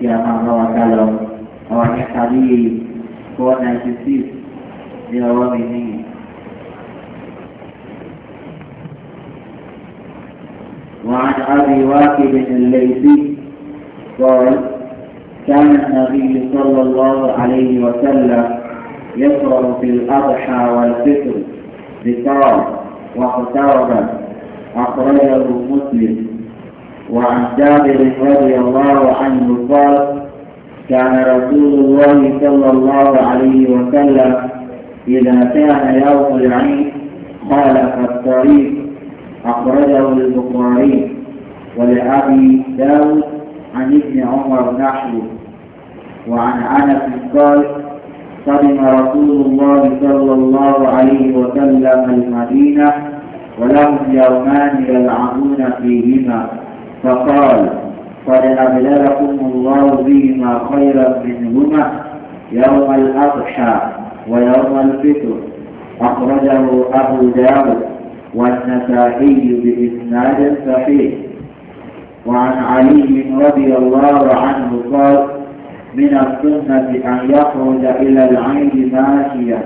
tí a máa bá wa dá lọ àwọn nípa bí وعن ابي واحد الليثي قال كان النبي صلى الله عليه وسلم يقرأ في الأضحى والفطر بقال واقترب أخرجه مسلم وعن جابر رضي الله عنه قال كان رسول الله صلى الله عليه وسلم إذا كان يوم العيد خالف الطريق أخرجه البخاري ولأبي داود عن ابن عمر نحو وعن أنس قال قدم رسول الله صلى الله عليه وسلم المدينة ولهم يومان يلعبون فيهما فقال قد أبلغكم الله بهما خيرا منهما يوم الأضحى ويوم الفطر أخرجه أبو داود والنسائي بإسناد صحيح وعن علي رضي الله عنه قال من السنة أن يخرج إلى العين ماشيا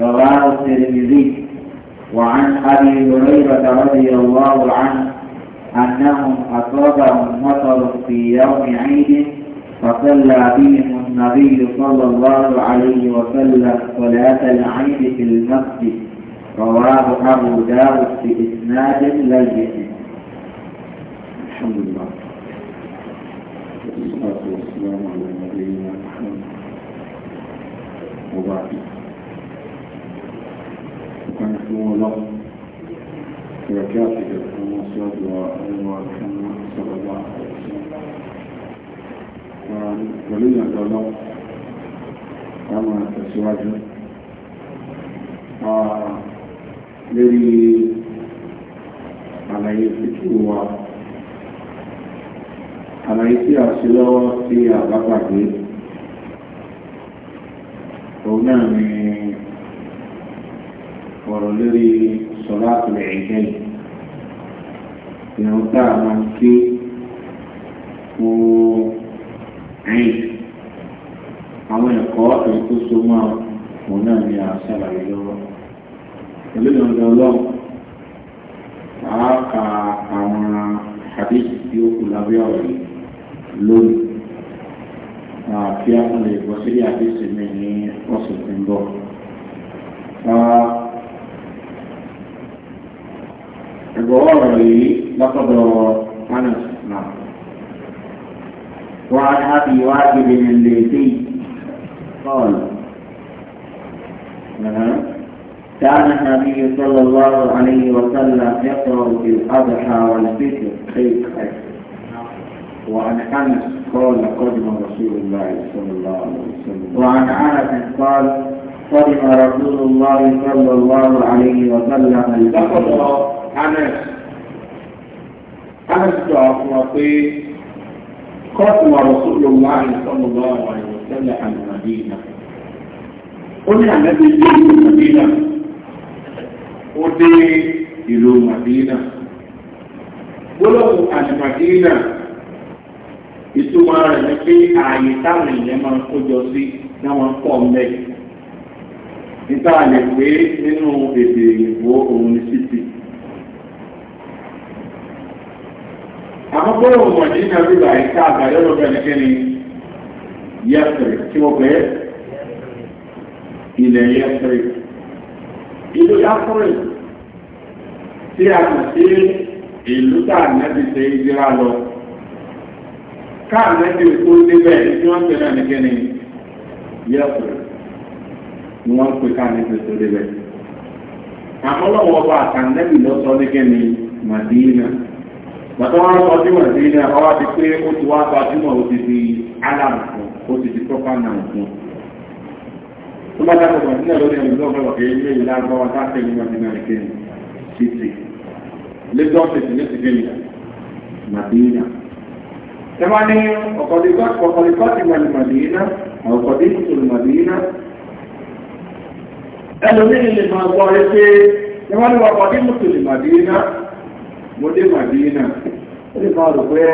رواه الترمذي وعن أبي هريرة رضي الله عنه أنهم أصابهم مطر في يوم عيد فصلى بهم النبي صلى الله عليه وسلم صلاة العيد في المسجد رواه أبو داود بإسناد لين الحمد لله والصلاة والسلام على نبينا محمد وبعد وكان اسمه وكافر المصاد والحمى صلى الله عليه وسلم ولي الله أما تسواجه لري àlàyé fíkì wa àlàyé tí a ṣe lọ́wọ́ tí a bá pàdé òun náà ni ọ̀rọ̀ lórí sọ̀rọ̀ àtúnlẹ̀ ẹ̀jẹ̀ yìí ìrùn tá a máa ké fún ẹ̀yìn àwọn ẹ̀kọ́ èyí tó so máa òun náà ni a ṣàlàyé lọ́wọ́ pẹ̀lú ìrọ̀lẹ́ ọlọ́run a ka àwọn àdéhùn tí ó kù lábẹ́ ọ̀rẹ́ lónìí àti àwọn ìgbọ̀nsẹ̀ àdéhùn mi ní ọ̀sẹ̀ tó ń bọ̀. ẹgbọ́ ọ̀rọ̀ yìí lọ́kọ̀dọ̀ Anas náà wọ́n á hábì كان النبي صلى الله عليه وسلم يقرأ في الأضحى والفطر خير وعن أنس قال قدم رسول الله صلى الله عليه وسلم وعن أنس قال قدم رسول الله صلى الله عليه وسلم البقرة anas anas tó a fún wa pé kọ́ọ̀tù wa rọ̀ sóòlù wa àìsàn lọ́wọ́ àwọn àìsàn tẹ́lẹ̀ àlùmọ̀dé náà ó ní àmẹ́bí dé ìlú màdínà ó dé ìlú màdínà gbólóhùn àlùmàdínà ìtumọ̀ rẹ̀ ni pé ààyè táwọn èèyàn máa ń kójọ sí láwọn pọ̀ mẹ́ níta lè pé nínú èdè ìwò òun ní títì àkọ́kọ́ ọmọ ní nàbíbà ìka àgbàdo ọ̀gbẹ̀nikẹ́ni yẹ́sẹ̀rì tí mo pẹ́ ilẹ̀ yẹ́sẹ̀rì ìlú yásẹ̀rì tí a kò sí ìlú tá ànábì ṣe ìdíra lọ ká ànábì tó débẹ̀ tí wọ́n pè náà nìkẹ́ni yẹ́sẹ̀rì ni wọ́n pè ká ànábì tó débẹ̀ àmọ́ lọ́wọ́ ọba àtànábì lọ́sọ̀ọ́ nìkẹ́ni màdínà bàtà wọn sọ sí wọn sí ní ọwọ́ àti pé ó ti wá sọ sí wọn ó ti di alam fún ó ti di proper noun fún tó bá dákọ̀ wọn sílẹ̀ lórí ẹ̀mí lọ́wọ́ lọ́wọ́ kì í lé ìlà àgbọ̀wọ́ tá a fẹ́ yín wọn nínú ẹ̀kẹ́ títì lẹ́gbọ́n tètè lẹ́sìn gẹ́yìn màdínà ẹ máa ní ọ̀kọ̀dìkọ́ ti wà ní màdínà ọ̀kọ̀dìkọ́ ti wà ní màdínà ẹlòmíràn lè máa gbọ́ ẹ pé ẹ máa ní ọ̀kọ̀dìkọ́ mo dé màdínà ó lè máa rò pé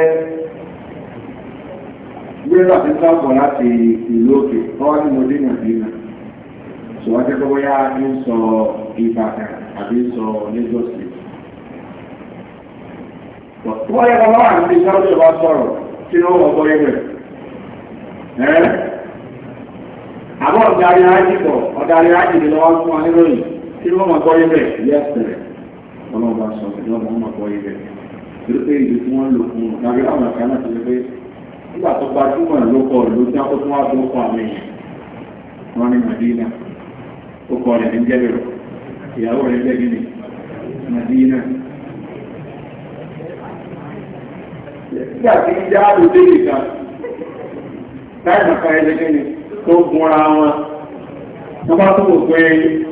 gbéra ti sábọ̀ láti ìlú òkè ọwọ́ ní mo dé màdínà ṣùgbọ́n tẹ́kọ̀ bóyá ń sọ ìbàdàn àbí ń sọ lagos state. wọ́n yẹ kọ́ wà níbi sáwọn ìjọba sọ̀rọ̀ kí ni wọ́n bọ́ ẹgbẹ́ àbọ̀ ọ̀darí ajì bọ̀ ọ̀darí ajì ni wọ́n fún wa níròyìn kí ọlọ́ọ̀bá sọ ìjọ ọmọ ọmọ ọ̀pọ̀ ibẹ̀ torí pé ìlú tí wọ́n lò fún un lábẹ́ àwọn àkàrà náà ti pé nígbà tó bá túmọ̀ ló kọ ló já ó tún wá tó kọ àmì wọn ní Madina ó kọ rẹ̀ ní jẹ́bẹ̀rẹ̀ ìyàwó rẹ̀ jẹ́ gíní Madina. nígbà tí ń já àdúgbò ìgbà láì tó gunra wọn tó bá tó pé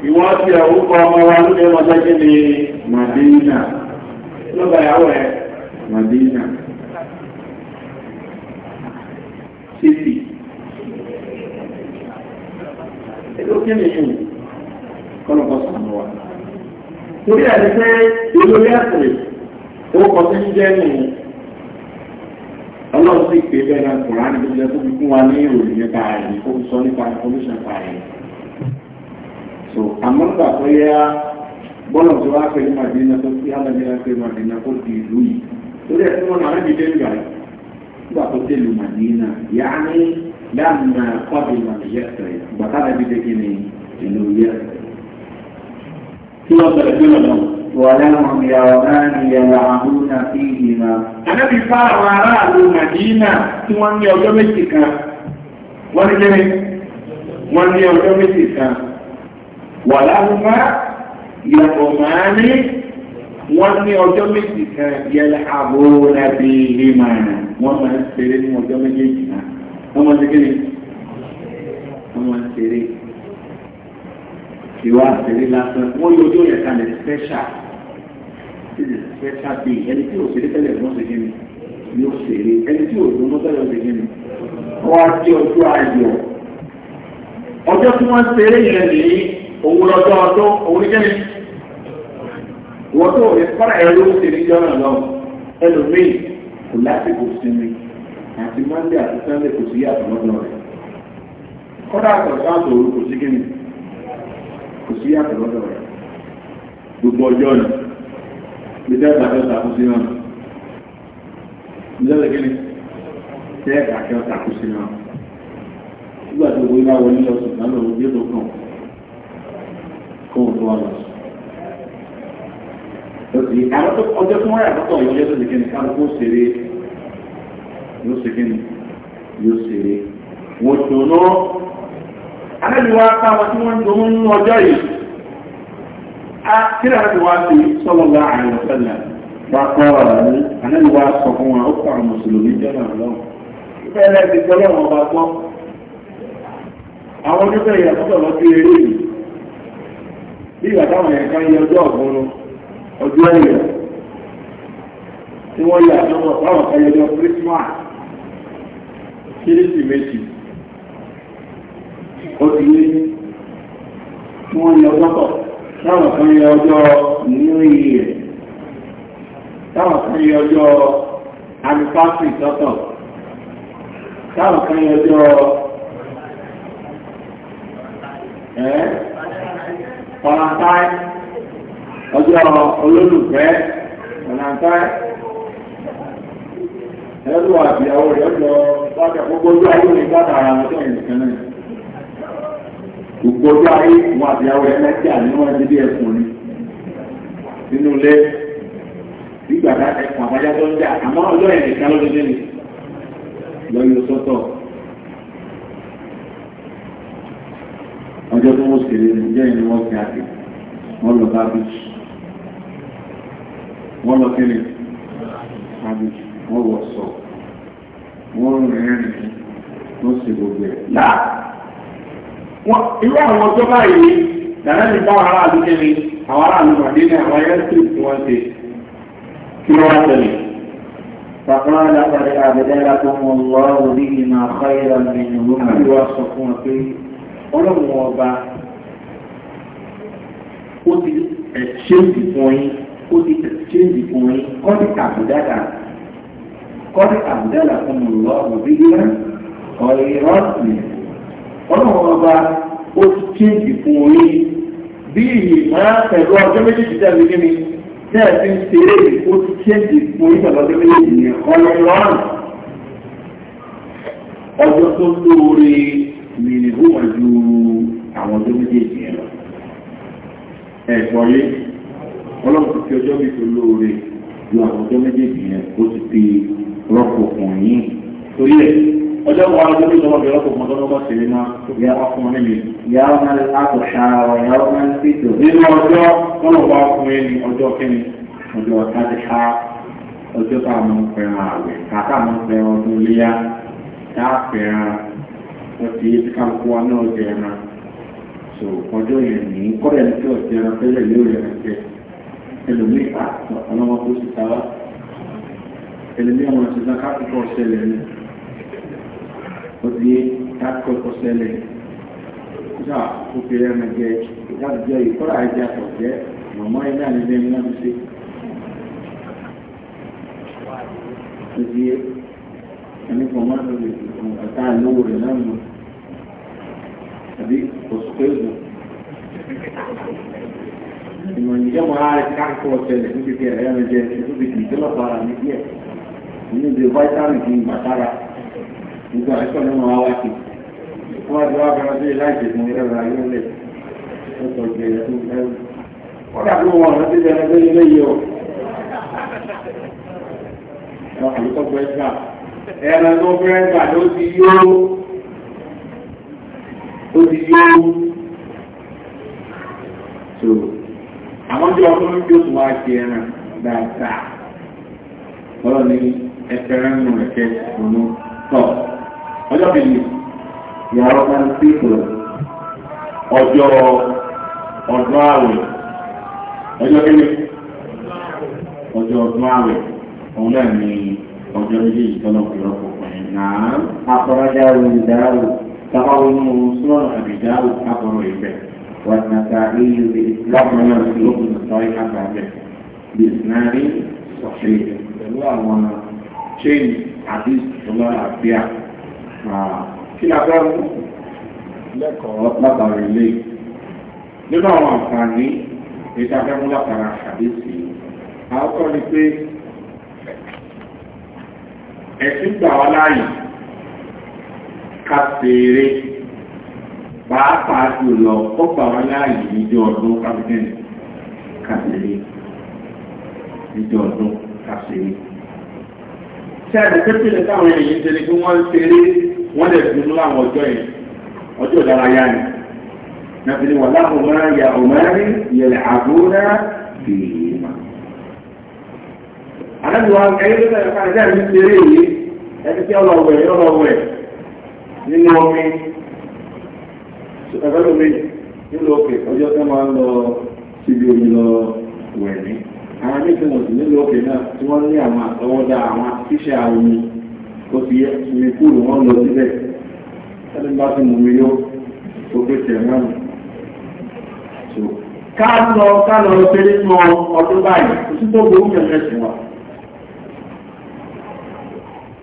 ìwọ́n ti àwúkọ ọmọ wa ní ẹmọ jẹ́jẹ́ ní Madina lọ́gbà ìyàwó ẹ̀ Madina títì èdè ó kéde yìí kọ́lọ̀kọ́ sàmù wa torí àti pé olórí àtìrì ó kọ sí jẹ́ nù ọlọ́run sì pé bẹ́ẹ̀ náà kùnrin àti ìjẹ́ tó fi fún wa ní ìròyìn nípa ẹ̀yìn kó sọ so àmọ́ nígbà tó yẹ bọ́lọ̀ tó wá pẹ̀lú màdínà tó fi alágbèrè pé màdínà kó di ìlú yìí lórí ẹ̀sìn wọn náà rẹ́bi délùú yàrá nígbà tó délùú màdínà yàá ní láàmà kọ́bí màdìyẹ́sẹ̀ bàtà rẹ̀ bí dékè ní ìlú yẹ. kí wọ́n sọ̀rọ̀ sí ọ̀nà wàlẹ́wọ̀n yàrá náà yàrá àhúnà sí ìmọ̀. ànábì fáwọn wọ́n ní ọjọ́ méjì kan wàláhùnmá yàtọ̀ máa ní wọ́n ní ọjọ́ méjì kan yẹlẹ àbúrò láti ilé máa nà wọ́n máa ń ṣeré ní ọjọ́ méjèèjì náà wọ́n máa ń ṣeré wọ́n máa ń ṣeré ìwà àṣẹrí lásán wọ́n yóò yóò yẹ̀ka lẹ̀ special this is special day ẹni tí yóò ṣeré tẹ́lẹ̀ wọ́n ṣe kí ni yóò ṣeré ẹni tí yóò dùn mọ́tò yóò ṣe kí wọ́n á jẹ́ ọjọ́ ayọ̀ ọjọ́ tí wọ́n ṣeré yẹn nìyí òun lọ́jọ́ ọdún òun nígbẹ́ni wọ́n tó ní fọ́nà ẹ̀rọ ó ti ní jọ́nà lọ ẹlòmíì kò lásìkò sinmi àti mọ́ndé àti sànńdé kò sí yàtọ̀ lọ́dọ̀ rẹ̀ kọ́dà àtọ̀sán àtòrò kò sí kíni kò sí yàtọ̀ lọ́dọ̀ rẹ̀ gbogbo ọjọ́ ni gbẹdẹ́ ìgbàjọ́ tàkú sí náà gbẹdẹ́ kíni tẹ́ ìgbàjọ́ tàkú sí náà nígbà tó gbé bá wọlé lọ sùn lánàá fún òun wọn lọ. àwọn tó ọjọ́ fún wọn yà lọ́tọ̀ ọ̀yọ́ ọjọ́ tó lè kí ni kálukú ṣeré yóò ṣe kí ni yóò ṣeré wọ́n dùnú anábìwá káwọn tí wọ́n dùnú nínú ọjọ́ yìí a kí ni anábìwá ti sọ́lọ́lá àyẹ̀wò sẹ́lẹ̀ bàtọ́ ọ̀rọ̀ ní anábìwá sọ fún wọn ó kọ́ àwọn mùsùlùmí jẹ́ náà lọ́wọ́ ìfẹ́ ẹlẹ́gbẹ̀ẹ́ ọlọ́run ọba gbọ́ àwọn onífẹ́ ìyàtọ̀ lọ sí eré bí ìgbà táwọn èèyàn kan yẹ ọjọ́ ọ̀gbọ́n ọjọ́ ẹ̀yọ̀ tí wọ́n yà lọ́wọ́ táwọn kan yẹ ọjọ́ Christmas kérésì méjì ó ti lé tí wọ́n yẹ ọjọ́ táwọn yẹ ọjọ́ New ọ̀làǹtáì ọjọ́ olólùfẹ́ ọ̀làǹtáì ẹlú àti àwọn rẹ̀ lọ láti àkókò ojú ayé ní gbàtà ara wọn tó ìrìn kan náà gbogbo ojú ayé wọn àti àwọn rẹ̀ lẹ́tí àníwọ̀ ẹni bí ẹkùn ni nínú ilé nígbàtà ẹkùn àbájá tó ń jà àmọ́ ọjọ́ ìrìn kan lọ́dún lọ́yọ̀ sọ́tọ̀ ọjọ́ tó wọ́n ṣeré ní jẹ́ ìní wọ́n ti àti wọ́n lọ bá bí wọ́n lọ kí ni àbí wọ́n wọ̀ sọ wọ́n rìn rìn wọ́n sì gbogbo ẹ̀ láà irú àwọn ọjọ́ báyìí dàrá ní bá ara àdúgbò ni àwọn ará àlùmọ̀ nínú àwọn ayé tí wọ́n ti kí wọ́n wá tẹ̀lé. فقال قد أبدلكم الله بهما خيرا منهما ọlọ́run ọba ó ti ṣéǹdì fún yín ó ti ṣéǹdì fún yín kọ́dí àbùdádà kọ́dí àbùdádà fún mi lọ́rùn bí yíyá ọ̀rẹ́ rọ́ọ̀tì ọlọ́run ọba ó ti ṣéǹdì fún yín bí ìyè máa pẹ̀lú ọjọ́ méjèèjì dàbí kí ni tẹ́ ẹ fi ń ṣeré ó ti ṣéǹdì fún yín pẹ̀lú ọjọ́ méjèèjì yẹn ọ̀rẹ́ rọ́ọ̀tì ọjọ́ tó lóore mi ni ó wà ju àwọn tó méjèèjì yẹn lọ. ẹ̀pọ̀ yé ọlọ́run fi ọjọ́ mi tó lóore ju àwọn tó méjèèjì yẹn ó ti fi rọ́pò kùn yín. torí ẹ̀ ọjọ́ wa ló ní sọ́wọ́ bí rọ́pò kùn tọ́lọ́ bá ṣe máa yá wá fún mi. yá wá máa láàbò ṣáà wá yá wá máa ń tètè. nínú ọjọ́ tọ́lọ̀ wá fún ẹni ọjọ́ kẹ́ni ọjọ́ àtàtìṣá ọjọ́ táwọn ọmọ fẹ́ràn wọ́n ti yé kálukú wa náà jẹ ẹran so ọjọ́ yẹn ní kọ́rẹ́ ní kí ọ̀sẹ̀ ẹran tẹ́lẹ̀ yóò yẹ ẹran jẹ ẹlòmíì à ọlọ́mọ tó ti ta wá ẹlòmíì ọmọ ti ta kákòókò ọ̀sẹ̀lẹ̀ ni ó ti yé kákòókò ọ̀sẹ̀lẹ̀ kúta ó fi ẹran jẹ láti jẹ ìkọ́ra ẹja ọ̀jẹ́ mọ̀mọ́ ẹgbẹ́ àlejò ẹni náà ti ṣe. ẹni kò má lọ lè ọ̀tá ìlú rẹ̀ náà mọ̀. ali, os é Ninguém mora, carro com você, não se quer, é, gente é tudo aqui, pela para, ninguém. Meu Deus, vai estar aqui, vai estar Então, é só tá uma aula aqui. Uma droga, mas ele já disse, não era verdade, eu falei, eu sou que eu é tudo. Olha a ela não tem nada, ele veio. Ela falou, só foi entrar. Ela não foi entrar, eu disse, eu. ó ti yó so àwọn tí wọn fún mi yóò tún wá ṣe ẹran dáadáa ọlọ́ ní ẹsẹ̀ rẹ̀ nínú ẹ̀kẹ́ ònú tọ̀ ọjọ́ kejì ìyàwó máa ń sí ìpò ọjọ́ ọdún àwẹ̀ ọjọ́ kejì ọjọ́ ọdún àwẹ̀ òun náà ní ọjọ́ méjì ìtọ́nà òkè ọkọ̀ ọ̀hìn náà. àkọ́rọ́jà òun dáhùn. تقرن سنن أبي داود حفر به والنسائي بإسلام يوم الصحيح به بإسناد صحيح اللهم شيء عزيز الله أبيع kí la fẹ́ mú lẹ́kọ̀ọ́ látara ilé nínú àwọn àǹfààní ètò afẹ́mú látara àdéhùn àwọn kan ní pé ẹ̀sìn gbà wá láàyè káfèrè pàápàá jùlọ ó gbà wọn láàyè níjọ ọdún káfíńtẹ́n káfèrè níjọ ọdún káfèrè. ṣé àdìpẹ́pẹ́ lè táwọn èèyàn ṣe ni pé wọ́n ń ṣeré wọ́n lè dùn láwọn ọjọ́ yẹn ọjọ́ ìdárayá ni. nàbìlì wà láwọn ọmọ ya ọmọ rí yẹlẹ àbúrá bìí mà. àdàbí wọn kẹ́yẹ́ ló fẹ́ẹ́ fà ẹ̀dá mi ṣeré yìí ẹni tí ọlọ́wẹ̀ ọlọ́wẹ̀ nínú omi ẹgbẹ́ lómi nílò òkè ọjọ́ tẹ́ máa ń lọ síbi omi lọ wẹ̀ ní àwọn méjìlá sí nílò òkè náà tí wọ́n ní àwọn àtọwọ́dá àwọn tíṣẹ́ omi tó fi mi kúrò wọ́n lọ síbẹ̀ ẹni bá ti mú mi yó tó pé tẹ̀ náà ká lọ ká lọ ṣe nínú ọdún báyìí òṣìṣẹ́ tó gbòó yẹn mẹ́sìn wa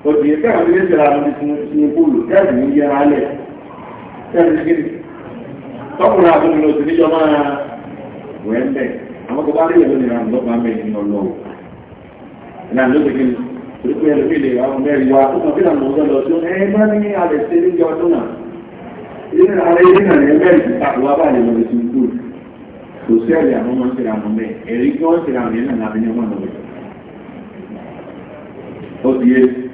òdì ẹ̀fẹ́ àwọn ilé ìṣẹ̀lá lórí fún inú bóòlù tẹ́ẹ̀dì ní yẹra alẹ̀ tẹ́ẹ̀dì gidi tọkùnrin àbúrò lọ sí níjọ máa wẹ̀ ń bẹ̀ àwọn tó bá rí ìyẹ̀wò nìyà ń lọ́pàá mẹ́rin ní ọlọ́ ìlànà ló ti gidi torí pé ẹlòmíì lè àwọn mẹ́rin wa tó kàn fílà mọ́ lọ sí ẹ má ní alẹ̀ sí ní ìjọ ọdún náà ilé ara ilé náà ní mẹ́rin ti ta wá bá ìyẹ̀wò sí ikú kò sí ẹ̀rẹ̀ àwọn máa ń ṣẹlẹ̀ àwọn mẹ́ ẹ̀rí kí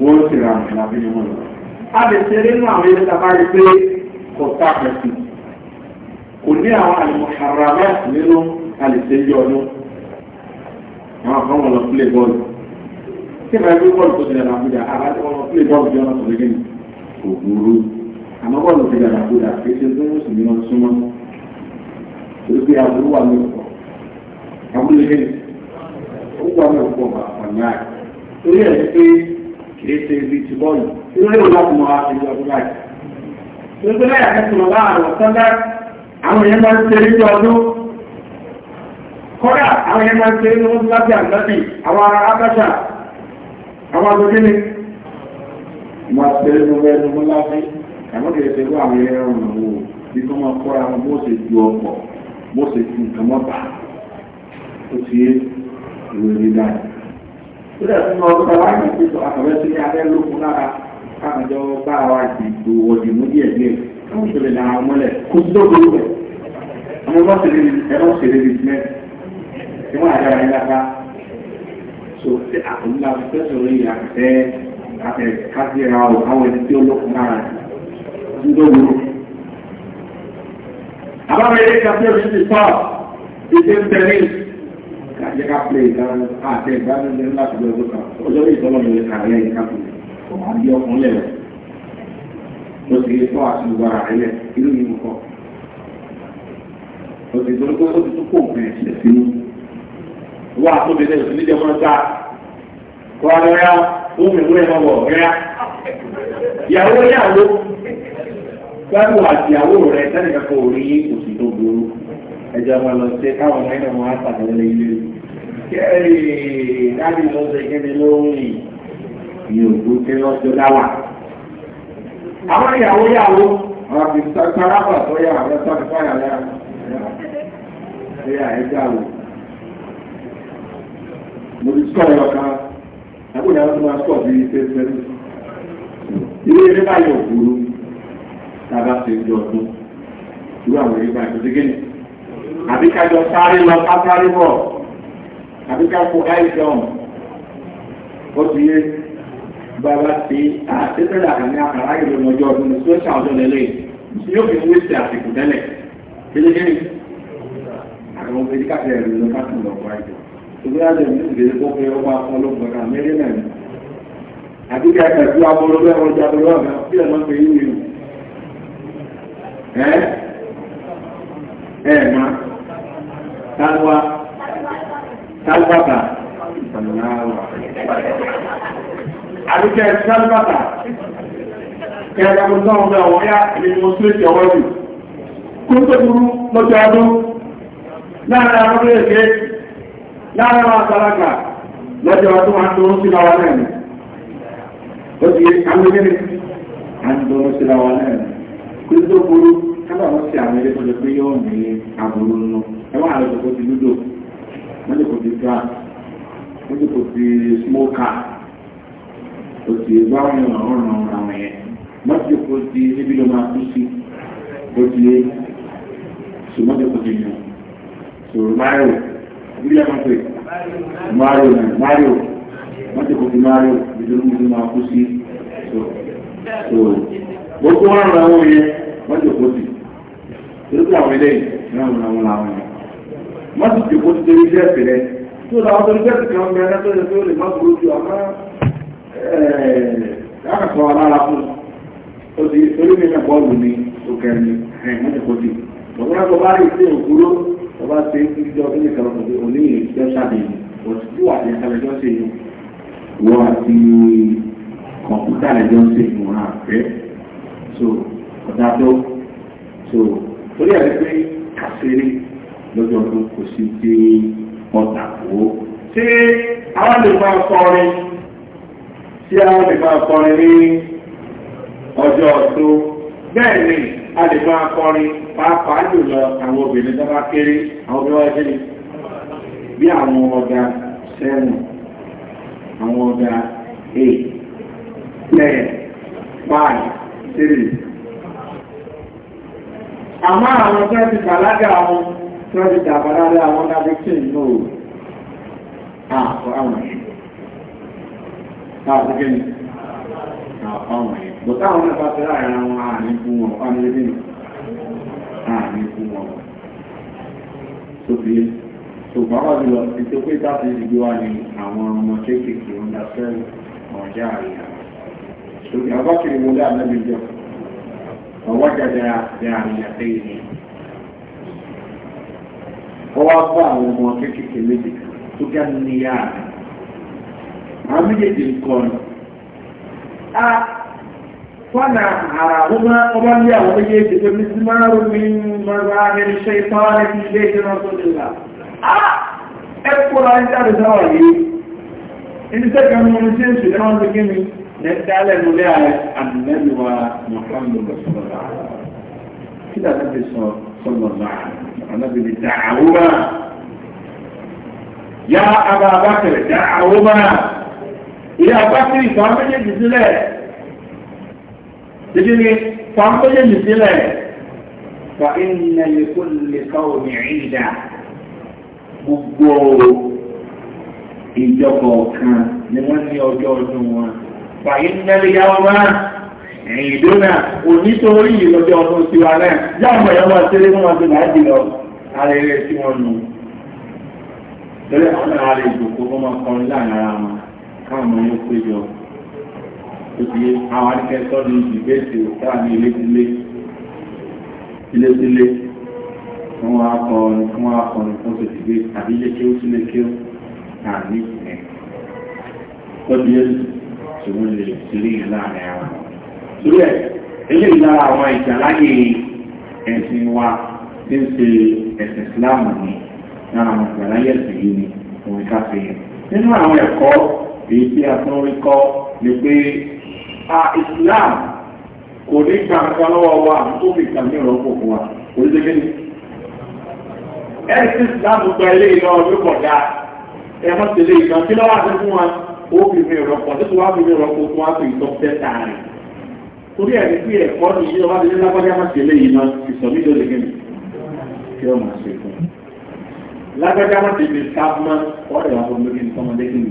wọ́n sì ra àmì lábí ní mọ́lá. a lè ṣe nínú àwọn ilé tàbá rí pé kò tá pẹ̀sì kò ní àwọn àlùmọ̀ àràmà nínú a lè ṣe yí ọdún àwọn kan wọn lọ sílé bọ́ọ̀lù tí ìbára gbé bọ́ọ̀lù tó ti dàgbà kúdà àwọn tí wọn lọ sílé bọ́ọ̀lù jọ tó lé kò burú àmọ́ bọ́ọ̀lù ti dàgbà kúdà kì tó ń sùn nínú súnmọ́ torí pé aburú wà ní ọ̀pọ̀ torí ẹ̀ pé kìí ṣe ibi ti bọ́ọ̀lù tí wọ́n lè wọ́n kọ́ máa fi ọdún báyìí. Gbogbo náà yàtọ̀ sọ̀rọ̀ láàrin ọ̀sán dá àwọn èèyàn máa ń ṣe ní ọdún. Kọ́dà àwọn èèyàn máa ń ṣe ní ọdún láti àgbàbí àwọn ará Abáṣà àwọn agbègbè ni. Mo máa ṣe ní ọgbẹ́ ẹnu mú láti ẹ̀mọ́ kìí ṣe fún àwọn èèyàn ọ̀nà wo bí wọ́n máa kọ́ra wọn bó ṣe ju ọkọ̀ bó ṣe ju nǹkan mọ́ta. Ó ti yé ìròyìn dáadáa. Ilé ẹ̀sìn ọdún bàbá yìí ti sọ àkàbẹ́ sí ní abẹ́ lókun lára káwọn jọ bá wa dìbò ọdì mú díẹ̀ díẹ̀. Wọ́n ń ṣẹlẹ̀ náà mọ́lẹ̀ kó sí lóògùn rẹ̀. Àwọn ọmọ ṣẹlẹ̀ ní So ṣé àkùnlá fẹ́ sọ̀rọ̀ yìí àfẹ́ àfẹ́ káfíra o àwọn ẹni tí ó lókun lára ń dóògùn. Àbámẹ́rẹ́ kàfíà àjẹ́ ká pè ìkan àti ìgbàlódé láti lọ ọdún kan ọjọ́ ìtọ́lọ́mọ ààrẹ ìkàkùn ọmọ àbí ọkùnrin lẹ̀ lọ sí ẹ̀tọ́ àti ìwàrà ààrẹ ìlú yìí nǹkan òsì tó ń gbé ó ti tún kó nǹkan ẹ̀ṣẹ̀ sínú wọ́n àtúndé ní òsì níjẹ́ wọn gbà kọ́ ara rẹ̀ ó mi wúrẹ́ mọ́ wọ̀ rẹ̀ ìyàwó yàwó gbẹ́rù ìyàwó rẹ̀ sẹ́nìkan ẹjọ́ máa lọ sí káwọn mẹ́rin wọn á pàdé ilé kẹ́rì láti lọ sí kíni ihe yìí tí wọ́n tó dáwà. àwọn ìyàwó yàwó àti sárábà tó yà àwọn sáfi yà ẹ̀yà ẹ̀já wò. mo ti sọ ọ̀rọ̀ kan àbúrò yàrá tó máa bí ilé òkúrú tá a bá ṣe ń jọ ọdún àwọn àbí kájọ sáré lọ sáré bọ̀ àbí káfọ àìsàn ó ti yé bàbá ti àtẹ́tẹ́lẹ̀ àkàní àkàrà ìlú ọjọ́ ọdún ní sọ́ṣà ọjọ́ lẹ́lẹ́ tí yóò fi ń wéṣẹ̀ àsìkò tẹ́lẹ̀ kékeré àwọn òbí káfẹ́ ẹ̀rọ ló ká tún lọ pa ìjọ ṣùgbọ́n àjọ ìlú ìgbèrè kó fẹ́ ọba fún ọlọ́gbọ̀n ká mẹ́rin náà ni àbí ká ẹ̀ka tí abọ́ lọ́wọ́ ẹ̀rọ ọjà lọ́wọ́ ọ̀gá bí ẹ̀ máa ń pè é yìí ẹ̀ Salwa, salwata, àti kẹ́ salwata, kẹ́ẹ̀kẹ́ mú sọ́run bẹ́ ọ̀wọ́ yá ní mo sí ìṣẹ́ ọwọ́ jù. Kú tó burú lọ́jọ́ ọdún, láàrin àwọn ọdún èké, láàrin àwọn àtàlágà, lọ́jọ́ ọdún máa tó ń sí lọ́wọ́ náà ni. Ó ti yé àwọn ẹgbẹ́ máa ń dọ́rọ́ sí lọ́wọ́ náà ni. Kú tó burú, kábàámọ́ sí àwọn ẹgbẹ́ tó lè pé yóò ní àbúrú nù ẹwà àrẹ kò ti lúdò wọ́n lè kò ti ká wọ́n lè kò ti smoka kò ti bá wọn yàn ọ̀ràn ọ̀ràn àwọn yẹn wọ́n ti kò ti níbi ló máa kú sí kò ti yé sùmọ́tò kò ti yàn sòrò máyò bí ẹ máa pè máyò náà máyò wọ́n ti kò ti máyò níbi ló máa kú sí sòrò gbogbo ọ̀ràn àwọn yẹn wọ́n ti kò ti. Ìlú àwọn eléyìí, ìlú àwọn àwọn àwọn wọ́n ti jòkó ti tẹ́lẹ̀ jẹ́ ìpìlẹ̀ tí ó láwọn tẹ́lẹ̀ jẹ́ ìkan ọmọ ẹ̀rẹ́ tó yẹ tó lè má burú ju àmá ẹ̀ẹ́dàkàtọ̀ alára fún ó ti torí bọ́ọ̀lù ni ó kẹrin ẹ̀ wọ́n ti kó ti ọ̀gbọ́n náà bá rí sí òkúrò ọba ṣe ń kíjọ ilé kan ọ̀gbọ́n òní ìjọ ṣàbẹ̀yìn òtútù àti ìkàlẹ̀jọ́ ṣe so ọ̀dà tó so torí àti pé kàṣẹ́rẹ́ lọ́jọ́ tó kò sí tí wọ́n tàkó. Ṣé àwọn lè máa kọrin? Ṣé àwọn lè máa kọrin ní ọjọ́ ọ̀tún? Bẹ́ẹ̀ ni a lè máa kọrin pàápàá jùlọ àwọn obìnrin tó bá kéré àwọn obìnrin wáyé ní bí àwọn ọ̀gá sẹ́wọ̀n, àwọn ọ̀gá 8, 10, 5, 3. Àmọ́ àwọn tó ti bàlágà wọn tí wọ́n ti àwọn dábí tí ì lò àpò àwọn yìí ṣùgbọ́n wọ́n ti lọ sí tó pé táti ìdìbò wa ni àwọn ọmọ kéékèèké ń da sẹ́wọ̀n ọ̀já àríyá ṣùgbọ́n abákiri mo dá àbẹ́bí jọ ọwọ́ jẹjẹrẹ àríyá tẹ́yìn ni wọ́n wá fún àwọn ọmọ kékeré méjì tó gá níyà rẹ̀ àwọn méjèèjì nǹkan ni a fọ́nà ara ọmọ ọmọ ní àwọn méjèèjì pé mi sí máa rú mi mọ́ra ẹni ṣe ìpáwà ní ilé ìjọba tó lè là á ẹ kóra ń jáde sáwà yìí ẹni sẹ́kàn mọ́ ní jésù ní wọ́n ti gé mi nẹ́tẹ́lẹ̀ múlẹ̀ àrẹ àdìmẹ́lùwà mọ̀kànlélọ́sọ̀rọ̀ صلى الله عليه وسلم النبي دعوما يا أبا بكر دعوما يا بكر فامي جزيلة تجري فامي جزيلة فإن لكل قوم عيدا gbogbo ìjọba ọ̀kan ni wọ́n ní ọjọ́ ọdún wọn fàyín nílẹ̀ yàwó máa ẹ̀yìn dóná onítorí ìlọ́jọ́ ọdún tiwa náà yáàmọ̀ ẹ̀yọ́ máa ṣeré fún wọn tó máa jìnà ara ẹ̀rẹ́ tí wọ́n nù. lọ́lẹ́ àwọn ará rẹ̀ ìjòkó wọ́n máa kọrin láàrin ara wọn káwọn ọmọ yóò péjọ. ó ti yé àwọn akẹ́kọ̀ọ́ ní ìbéèsì òkúta ní ilé-sílé ilé-sílé wọ́n wá kọrin fún wá kọrin fún tòṣìgbé àbí ilé kí ó sílé kí ó àní ìpínlẹ̀. ó ti yé ṣùgbọ́n lè ṣeré yẹn láàrin ara torí ẹ̀ eléyìí lára àwọn ìjà láyé ẹ̀sìn wa tí ń ṣe ẹ̀sìn ìsìláàmù ni lára àwọn ìjà láyé ẹ̀sìn yìí ni òun ká fi yẹn nínú àwọn ẹ̀kọ́ èyí tí a tún rí kọ́ ni pé a islam kò ní gbà kan lọ́wọ́ wa tó fi kàmí ìrọ́pò fún wa kò ní dégbé ní. ẹ̀sìn islam gba ilé ìlọ ọdún kọ̀dá ẹ̀mọ́ tẹ̀lé ìkan kí lọ́wọ́ àti fún wa ó fi mi ìrọ́pò tó wá fi torí ẹ̀rí pé ẹ̀kọ́ ní ilé ọba nílé lágbájá máa ṣe léyìn náà ìsọ̀mí ló lè gé kí ọ máa ṣe fún lágbájá máa ṣe lè ọ̀rẹ́ wa fún lórí nǹkan ọmọdé kí ni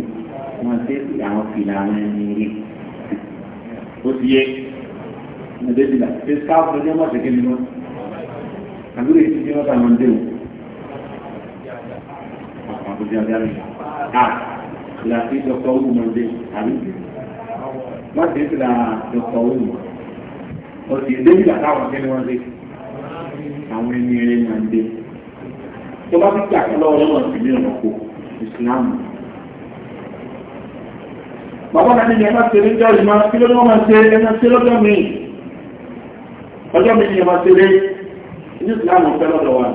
wọ́n ṣe àwọn fìlà àwọn ẹni rí ó ti yẹ ọmọdé fìlà ṣe ká fún ọjọ́ máa ṣe kí ni wọ́n àbúrò èyí tí wọ́n bá wọn dé o àpapọ̀jọ abẹ́rẹ́ à láti dọ́kọ̀ ọ̀hún ọmọdé ọ̀sẹ̀ ìdébìlà táwọn kẹ́ni wọ́n dé àwọn ẹni ẹ̀rẹ́ máa ń dé tó bá fi kí àkọlọ́ ọlọ́wọ́ sí ní ọ̀nà kò ìsìláàmù. bàbá náà ní ẹ máa ṣe níjọ́ ìmọ̀ kí ló ní wọ́n máa ṣe ẹ máa ṣe lọ́jọ́ mi ọjọ́ mi ni ẹ máa ṣe lé ní ìsìláàmù fẹ́ lọ́dọ̀ wa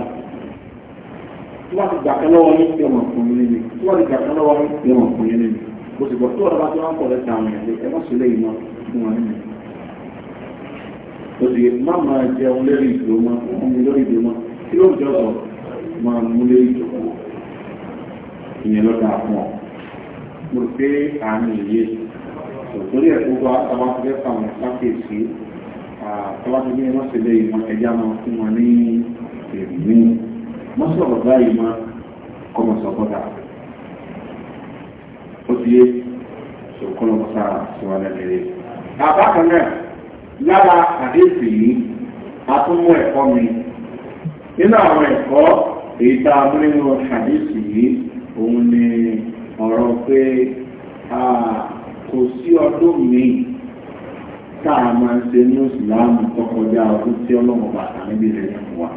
tí wọ́n ti gbà kan lọ́wọ́ ní ìfẹ́ wọn fún yín ní tí wọ́n ti gbà kan lọ́wọ́ ní ìfẹ́ wọn fún yín ní bó nínú òdì má máa jẹun lórí ìdúró mọ́ ọmọ lórí ìdúró mọ́ tí ó jọ sọ máa mú lórí ìdúró ìyẹn lọ́dà fún ọ. mo pé àmì ìyé òtórí ẹ̀ gbogbo àwọn afẹ́fẹ́ fáwọn sáfèsì àtọ́wájú ní wọ́n sì lè ìmọ̀ ẹ̀yà máa fún wọn ní èrè ní wọ́n sọ̀rọ̀ báyìí máa kọ́mọ̀ sọ́kọ́dà ó ti yé sọ̀kọ́lọ́mọ́sá síwájú lẹ́lẹ́. àbákan náà lára àdéhùn yìí atúmú ẹ̀kọ́ mi nínú àwọn ẹ̀kọ́ èyí tá a mú nínú àdéhùn yìí òun ni ọ̀rọ̀ pé kò sí ọdún míì tá a máa ń ṣe ní ìsìláàmù tó kọjá ọdún tí ọlọ́run bàtà níbi ìrẹ̀lẹ̀ fún wa.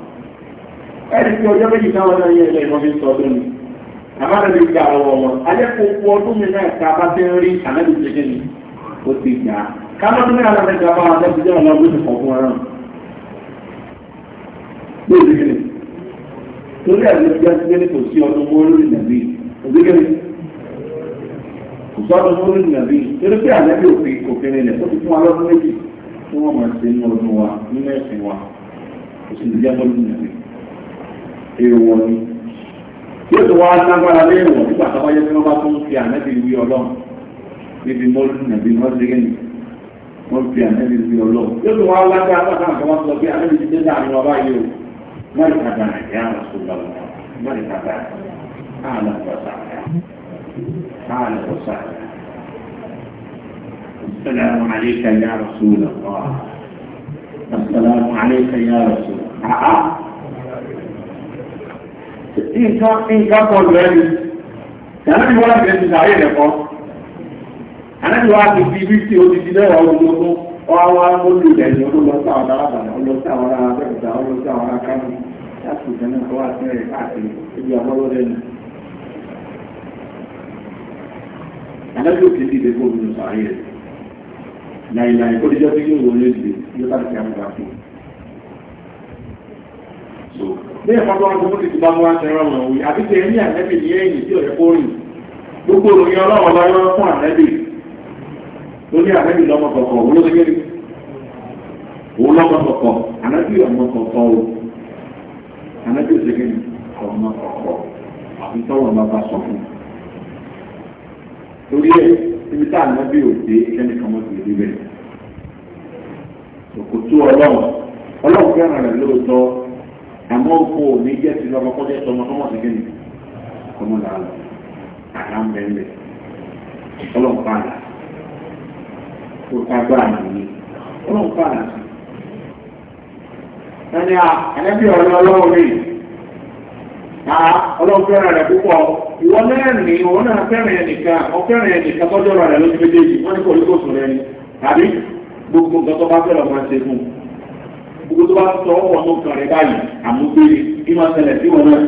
ẹni tí ọjọ́ méjì táwọn náà yẹ ilé ìwọ́n fi ń sọ ọdún ni àbára lè gba ọwọ́ wọn alẹ́ kó kú ọdún mi náà ká bá fẹ́ rí ànábìsẹ́gẹ́ kámọ́ tó ní àwọn ẹgbẹ́ àwọn àtọ́jú jẹ́ àwọn ọgbẹ́ ìfọ̀ fún ara ló ti gbé torí àti ẹgbẹ́ ti gbé ní kò sí ọdún mọ́ lórí nàbí òbí gbé kò sí ọdún mọ́ lórí nàbí torí pé àlẹ́bí òfin kò kéré lẹ̀ ó ti fún wa lọ́dún méjì tí wọ́n máa ṣe ní ọdún wa nínú ẹ̀sìn wa kò sí ìdíjẹ́ mọ́ lórí nàbí èèwọ̀ ni yóò tó wá lágbára léèwọ̀ nígbà tó wáyé tí wọ́n bá tún fi àlẹ́bí wí ọlọ́run níbi mọ́ lórí nàbí wọ́n fi ànẹ́bí sí ọlọ́run yóò tún wá lágbára látà nǹkan wọ́n sọ pé ànẹ́bí ti dé láàrin ọba yìí o mọ́rin kàdà nàìjíríà lọ sí ọlọ́run mọ́rin kàdà káàlà ọ̀sà káàlà ọ̀sà السلام عليك يا رسول الله السلام عليك يا رسول الله nǹkan nǹkan pọ̀ lẹ́nu tẹ̀lé ìwọ́n bẹ̀rẹ̀ ti sàárè lẹ́kọ̀ọ́ àti wá ti fi bí tí o ti di lẹ́wọ̀ ọdún tó wá wá mọ́lù ilẹ̀ ìlú ló lọ sí àwọn alábàdà ó lọ sí àwọn ará abẹ́òkúta ó lọ sí àwọn ará kánú láti ìjọ náà wá sí ẹ̀rẹ̀ káàkiri ibi àbọ́lọ́ lẹ́nu. àdájọ́ òkè ti dé fún òmìnira sàárè rẹ̀ láìláì kó díjọ́ tí yóò wọlé ìdè yóò bá ti àmúra fún gbogbo òròyìn ọlọ́run lọ́yọ́ fún ànẹ́bì tó ní àmẹ́bí lọ́mọ kọ̀ọ̀kan òun ló ti gbérí òun lọ́mọ kọ̀ọ̀kan ànábì ọmọ kọ̀ọ̀kan o ànábì ò ṣègbè ọmọ kọ̀ọ̀kan àfi tọ́wọ́ máa bá sọ fún torí ẹ ibi tá ànábì ò dé kẹ́nìkan mọ́ tòun níbẹ̀ kò tó ọlọ́run ọlọ́run fẹ́ràn rẹ̀ lóòótọ́ àmọ́ òkú òní jẹ́ ti lọ́mọ kọ́jẹ́ tọmọ tọmọ sí kẹ́nìkan kọ́mọ làálọ̀ àrà mẹ́rin ọlọ́run fáàlà kò tagbára nìyí ọlọ́run fà á sí. ẹni à ẹnẹ́bí ọ̀rẹ́ ọlọ́run rí àá ọlọ́run fẹ́ràn rẹ̀ púpọ̀ ìwọ lẹ́rìn ìwọ náà fẹ́ràn ẹnìkan ọfẹ́ràn ẹnìkan tọ́jú ọ̀rọ̀ rẹ̀ lójú méjèèjì wọ́n ní kò lóko sùn rẹ̀ ni tàbí gbogbo nǹkan tó bá fẹ́ràn ọmọ ṣe fún gbogbo tó bá sọ ọwọ́ tó kàn rẹ̀ báyìí àmúgbèrè bí wọ́n ṣẹlẹ̀ sí wọn náà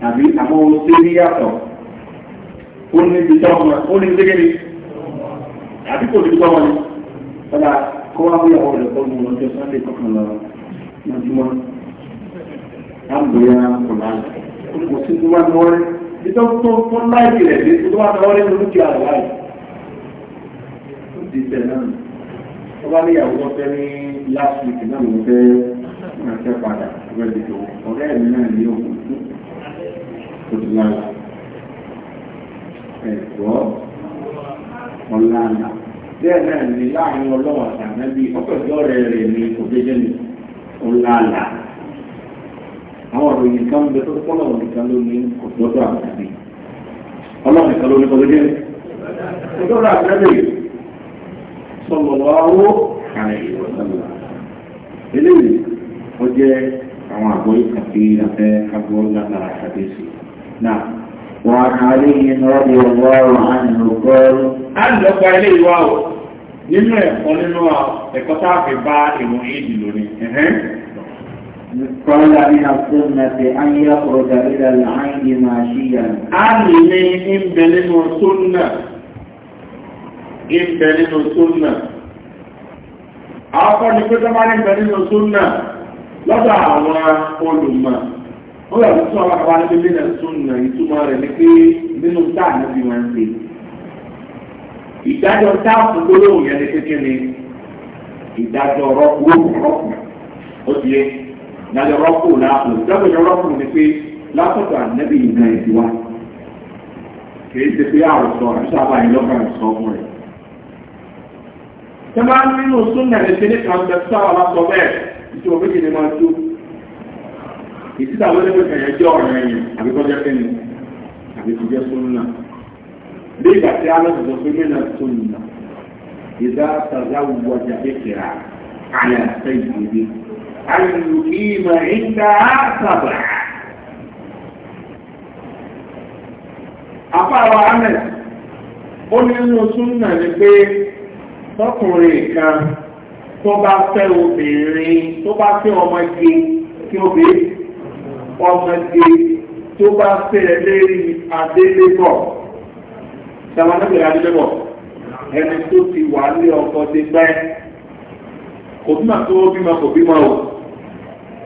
tàbí àwọn ohun tó ní yàtọ̀ ó ní ibi tọ́ wọn ó ní ibi tẹ́gẹ́ni àbí ọ̀la kó wá fún ìyàwó rẹ̀ kọ́ lu ọjọ́ sọ́ndé kọkàn lọ lójúmọ́ láàbùyá kọ̀lá kò sí tó wá lọ́wọ́ rẹ̀ nítorí tó tó láìpì rẹ̀ dé tó wá lọ́wọ́ rẹ̀ lójú àlọ́ àyè ó di tẹ̀ náà ó bá ní ìyàwó fẹ́ ní last week náà ló fẹ́ máa fẹ́ padà rẹ̀ dìbò ọ̀rẹ́ mi náà ní òkú tó ti lára ẹ̀kọ́ ọ̀la àlà bẹ́ẹ̀ náà ní láàrin ọlọ́wọ́ àtànábì ọ̀pẹ̀jọ́ rẹ̀ rẹ̀ ní òjèjì ní ọ̀làlà àwọn òròyìn kan bẹ tó kọ́ lọ́wọ́ nìkan ló ní òjòjò àtàbí ọlọ́wọ́ nìkan ló ní òjèjì òjòjò àtàbí sọlọ́wọ́ àwọ̀ àrẹ̀ ìwọ̀sánlá eléyìí ó jẹ́ àwọn àgbọ̀yé kàfé àfẹ́ àgbọ̀ lágbára àtàbí sí náà. وعن علي رضي الله عنه قال أن لك إليه واو nínú ẹ̀kọ́ nínú ẹ̀kọ́ tá a fi bá ìrun ìdì lónìí. Kọ́lá ní àtúnmọ̀ ti ayé ọ̀dà ilẹ̀ láàáyé máa ṣíyà. A lè ní ìbẹ̀ nínú súnnà. Ìbẹ̀ nínú súnnà. Àwọn kọ́ ni pé ìbẹ̀ nínú súnnà lọ́dọ̀ àwọn olùmọ̀ wọ́n yàtọ̀ sí ọba àbá níbi mílíọ̀nù súnà ìtumọ̀ rẹ̀ ni pé nínú táà níbi wọn ń ṣe ìdájọ́ táàpù gbólóhùn yẹn ní kékeré ìdájọ́ rọ́pù rọ́pù ó ti yẹ ìdájọ́ rọ́pù láàpù ìdájọ́ rọ́pù ni pé látọ̀tọ̀ ànábì ìgbà ìdí wa kìí ṣe pé àròsọ àti àbá ìlọ́kà ìsọ fún rẹ̀. tẹ́lá nínú súnà ìṣẹ́lẹ̀ kan tẹ̀ ìsìlẹ̀ àwọn ẹgbẹ́ ẹ̀yẹ jẹ́ ọ̀rọ̀ ẹ̀yìn àbíkọ́jẹ́ kẹ́ni àbíkọ́jẹ́ súnmọ́ bí ìgbà tí alọ́sọ̀ sọ pé mẹ́nà súnmọ́ ìdá sàzáwù wọjà kékeré àyà sẹ́ ìgbèdè àyùkí mà ìgbà sábà. àpáwọ̀ ahmed ó ní inú súnmọ́ ni pé tọkùnrin kan tó bá fẹ́ obìnrin tó bá fẹ́ ọmọge kí obìnrin ọmọdé tó bá fẹ́ lérí adélébọ̀ sáwọn ọmọdé adélébọ̀ ẹni tó ti wà lé ọkọ̀ ti pẹ́ kò bímọ tó bímọ kò bímọ o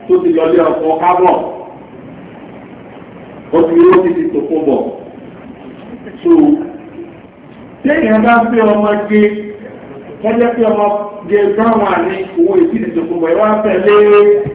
tó ti lọ lé ọkọ̀ kábọ̀ ó ti yóò ti ti tòkó bọ̀ so téèyàn bá fẹ́ ọmọdé wọ́n jẹ́ pé ọmọdé gbọ́n wà ní owó ìdílé tòkó bọ̀ ẹ wá fẹ́ lérí.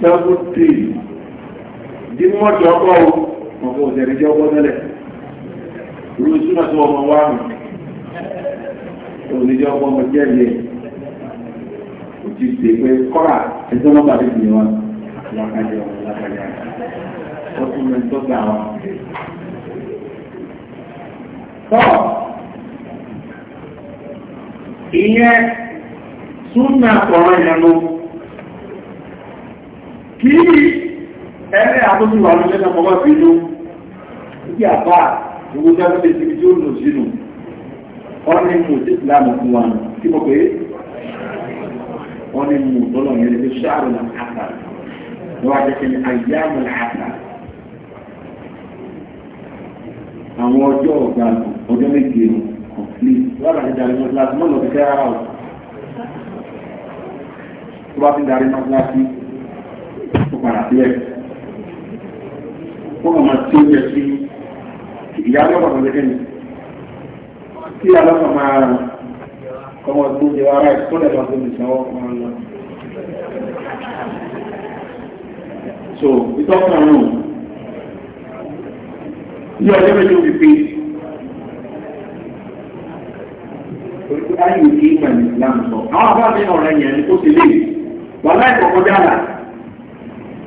sẹ́wọ́tì dímọ̀tì ọkọ̀ o wọn kò tẹ̀lé jẹ́ ọkọ̀ tẹ́lẹ̀ irú ìsúná tó ọmọ wa mi òní jẹ́ ọkọ̀ ọmọ jẹ́ yẹ kò ti dè pé kọ́ra ẹjọ́ náà bàbá ìdílé wa lákàjẹ́ ọmọ lákàjẹ́ ọmọ ìyẹn súnmọ́ àkọ́rọ̀ ìyanu kí ẹ̀rẹ́ àtúntúwà ló lẹ́nà ọmọ ìbínú ìdí àbá gbogbo jáde lè ti tí ó lò sínú ọ́nì mú sí ìlànà fún wa kí mo pé ọ́nì mú tọ́lọ̀ yẹn lè ṣáàrù nà àtà lọ́wọ́ àjẹsẹ̀ ní àyàmù àtà àwọn ọjọ́ ọ̀gá ọjọ́ méje complete wọ́n bá ti darí mọ́ síláàtì mọ́ tó padà sílẹ̀. Wọ́n kàn máa tí ó jẹ sí ìyá lọ́pàá kan lẹ́kẹ́ ni. Kí alọ́pàá máa ọmọ tó jẹ ara ẹ̀ tó lẹ́gbàá tó lè sanwó máa lọ. So ìtọ́kùn àwọn òun. Ní ọjọ́ méjì ó fi pé Orí ayé ìdí ìgbà ìsìlámù sọ. Àwọn àbábẹ́ ọ̀rẹ́ yẹn ni ó ti lè. Wàhálà ìkọ̀kọ̀ dára.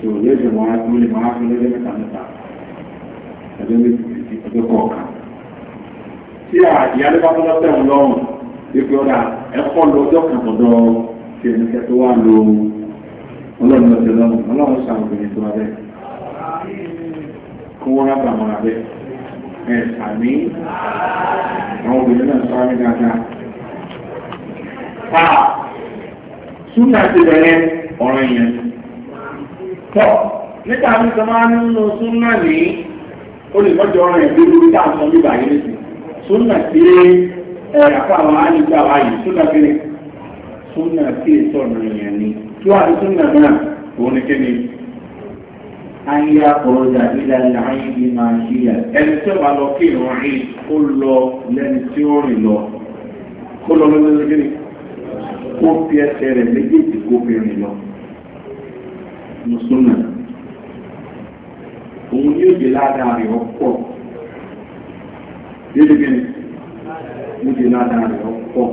tí ò lè jẹ̀wọ́ mo lè máa fi lẹ́jọ́ mẹ́ta mẹ́ta ẹjọ́ méjì sí ọjọ́ kọ̀ọ̀kan. tí ìyáálé bá tọ́lọ́ tẹ̀wọ̀n lọ́rùn wípé ọ̀dà ẹ̀kọ́ lọ ọjọ́ kan ọ̀dọ́ tí ẹni kẹ́ tó wà lo ọlọ́run lọ́sẹ̀ lọ́rùn ọlọ́run sàn obìnrin tó wà bẹ́ẹ̀ kó wọ́n rábà mọ́ra bẹ́ẹ̀ ẹ̀ sàmí àwọn obìnrin náà sọ àmì dáadáa. Súnà ti bẹ̀rẹ̀ ọ̀rọ̀ yẹn tọ́ nígbà tí sọ máa nínú súnà ní olùmọ́jọ ọ̀rọ̀ ẹ̀gbẹ́ lórí tá à ń sọ nígbà yìí nìsín súnà tí ẹ̀rọ àpáwọn àyíká wa yìí tí ni súnà tí ìsọ̀nà yẹn ni kí wàá ní súnà náà òun ni kíni. ayé akọ̀rọ̀dà ilẹ̀ láàyè ni máa ń yíyà ẹni tí wàá lọ kí ìrún rí ó lọ lẹ́ni tí ó rìn lọ kó lọ lọ́dọ́dọ́ mùsùlùmí òun ní òjè ládàá rẹ̀ ọ̀pọ̀ dédé bí ní òjè ládàá rẹ̀ ọ̀pọ̀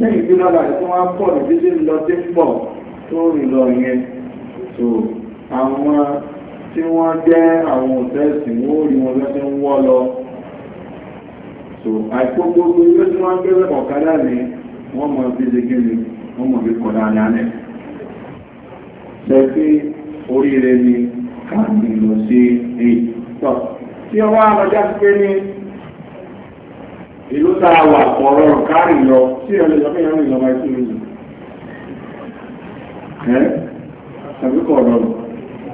lẹ́yìn tí ládàá rẹ̀ tó wá pọ̀ ní títí lọ sí pọ̀ tó rìn lọ yẹn tó àwọn tí wọ́n jẹ́ àwọn òtẹ́sì wọ́n rí wọn lọ́sẹ̀ ń wọ́ lọ so àìkó gbogbo ilé tí wọ́n ń gbé ọ̀kadà ní wọ́n mọ̀ bí ṣe kí ni wọ́n mọ̀ bí kọ̀dà ní alẹ́ pẹ̀lú oríire ni káàkiri lọ sí rí tọ́ tí ọwọ́ àmọ́já ti pé ní ìlú tàà wà pọ̀rọ̀ kárì lọ sí ẹ̀lẹ́ lọ́pẹ́ ìyàwó ìlọ́mà ìtú ìlú ẹ́ tàbí kọ̀ lọ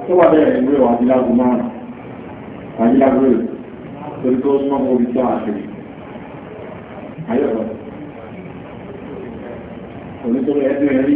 tó wà bẹ́ẹ̀ ìwé wà ní lágùn márùn àyí lágùn rẹ̀ torí tó mọ́ orí tó àṣírí ayọ̀rọ̀ onítọ́rọ̀ ẹ̀dùn ẹ̀rí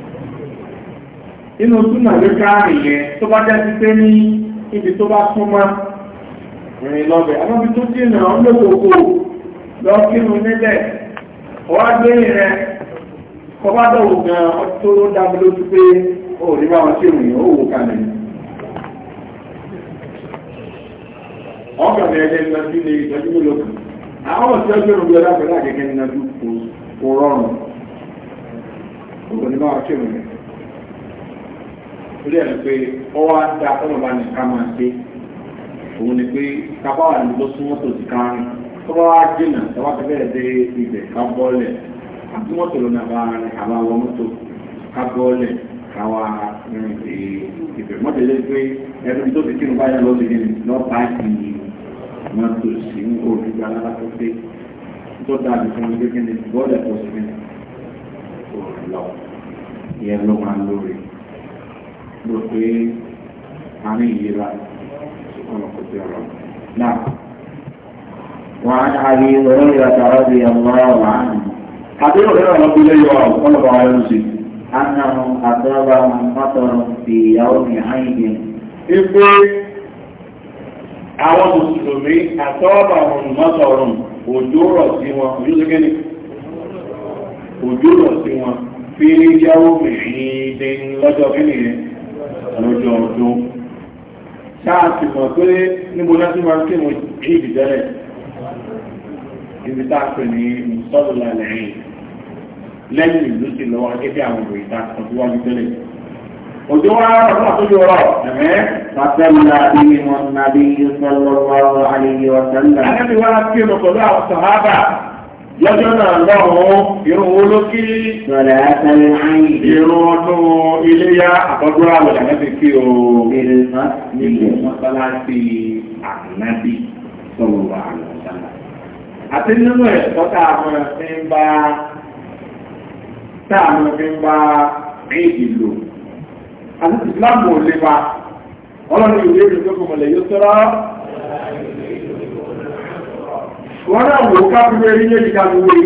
inú túnà ló káàrin yẹn tó bá jẹ́ sí ibi tó bá súnmọ́ rìn lọ́bẹ̀ àbábi tó dìnà ọlọ́gbogbo lọ kírun nílẹ̀ ọwá gbé rẹ kọba dọ̀wọ̀ gan tó ló pé ó rí bá wọn ó wò kalẹ̀ torí ẹ̀ pé ọ wá dá ọmọ bá ní ká máa ṣe òun ni pé kápá wà ní ló súnmọ́ tó ti ká rìn tó bá wá jìnà tó bá ti bẹ̀rẹ̀ dé ibẹ̀ ká bọ́ọ̀lẹ̀ àti mọ́tò ló nà bá rìn àbá wọ mọ́tò ká bọ́ọ̀lẹ̀ ká wá rìn ibẹ̀ mọ́tò lé pé ẹni tó ti kírun báyà lọ́sẹ̀ ní lọ́pàá ìdí mọ́tò sí olùgbà alábàtọ́ pé tó dáa fún mi kékeré bọ́ọ̀lẹ̀ pọ̀ sí mi ló pé àárín ìlera ọ̀nà kò sí ọ̀rọ̀ náà. وعن أبي هريرة رضي الله عنه أبي هريرة رضي الله عنه قال أنه أصابهم مطر في يوم عيد إذ àwọn mùsùlùmí àtọ́ọ̀bà wọn mọ́sọ̀rùn òjò rọ̀ sí wọn òjò sí kíni òjò rọ̀ sí wọn fi lọ́jọ́ ọdún ṣáàtì mọ̀ pé níbo láti máa ń kéwọ̀n ìdí tẹ́lẹ̀ ibi tá ní mùsọ́lùlà lẹ́yìn lẹ́yìn ìlú sí lọ́wọ́ gẹ́gẹ́ àwọn òwe ìta kan tó wájú tẹ́lẹ̀ òjò wa rọ̀ àtúnjú ọ̀rọ̀ ẹ̀mẹ́ Fàtẹ́lá ilé wọn nàbí sọ́lọ́wọ́ àlèyé ọ̀sẹ̀ ńlá. Àyẹ̀bí wa kí lọ́jọ́ náà lọ́rùn irun owó ló kí irun ọdún iléyá àtọ́jú àwẹ̀ àmẹ́bí kí o nílé mọ́sálásí àmẹ́bí sọ̀rọ̀ wà lọ́sálà àti nínú ẹ̀kọ́ táàmù fi ń bá táàmù fi ń bá éèdì lò àti ìsìláàmù ò lè bá ọlọ́run ìwé ìrìnkókò mọ̀lẹ̀ yóò wọ́n náà wò káàkiri eré ní èjìká mi wé